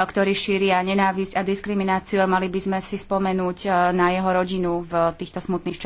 ktorí šíria nenávisť a diskrimináciu a mali by sme si spomenúť eh, na jeho rodinu v týchto smutných časoch.